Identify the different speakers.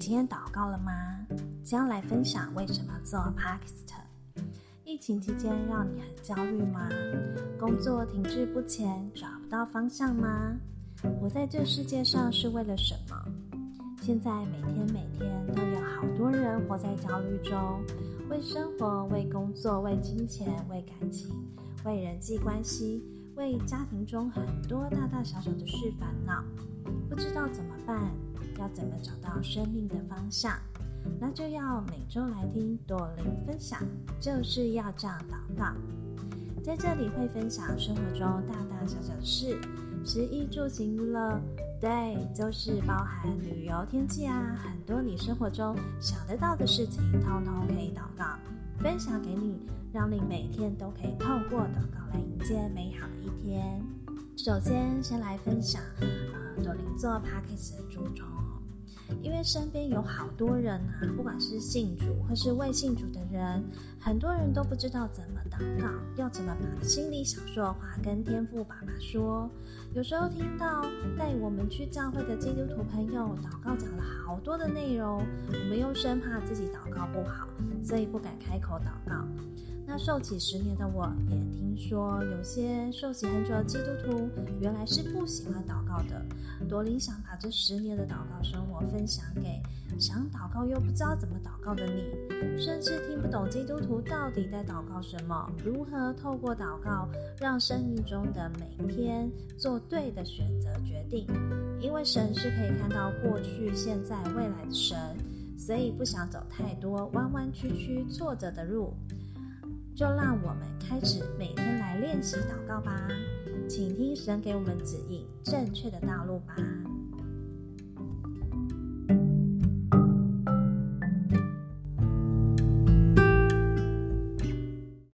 Speaker 1: 你今天禱告了嗎？今天來分享為什麼做 podcast，疫情期間讓你很焦慮嗎？工作停滯不前，找不到方向嗎？活在這世界上是為了什麼？現在每天每天都有好多人活在焦慮中，為生活，為工作，為金錢，為感情，為人際關係。為家庭中很多大大小小的事煩惱，不知道怎麼辦，要怎麼找到生命的方向？那就要每周來聽朵琳分享，就是要這樣禱告。在這裡會分享生活中大大小小的事，食衣住行樂。對，就是包含旅遊、天氣啊，很多你生活中想得到的事情，通通可以禱告。分享給你，讓你每天都可以透過禱告來迎接美好的一天。首先，先來分享，呃，朵琳做 podcast 的初衷。因為身邊有好多人啊，不管是信主或是未信主的人，很多人都不知道怎麼禱告，要怎麼把心裡想說的話跟天父爸爸說。有時候聽到帶我們去教會的基督徒朋友禱告，講了好多的內容，我們又生怕自己禱告不好，所以不敢開口禱告。那受洗十年的我，也聽說有些受洗很久的基督徒原來是不喜歡禱告的。朵琳想把這十年的禱告生活分享給想禱告又不知道怎麼禱告的你，甚至聽不懂基督徒到底在禱告什麼，如何透過禱告讓生命中的每一天做對的選擇決定。因為神是可以看到過去、現在、未來的神，所以不想走太多彎彎曲曲、挫折的路。就讓我們開始每天來練習禱告吧，請求神給我們指引正確的道路吧。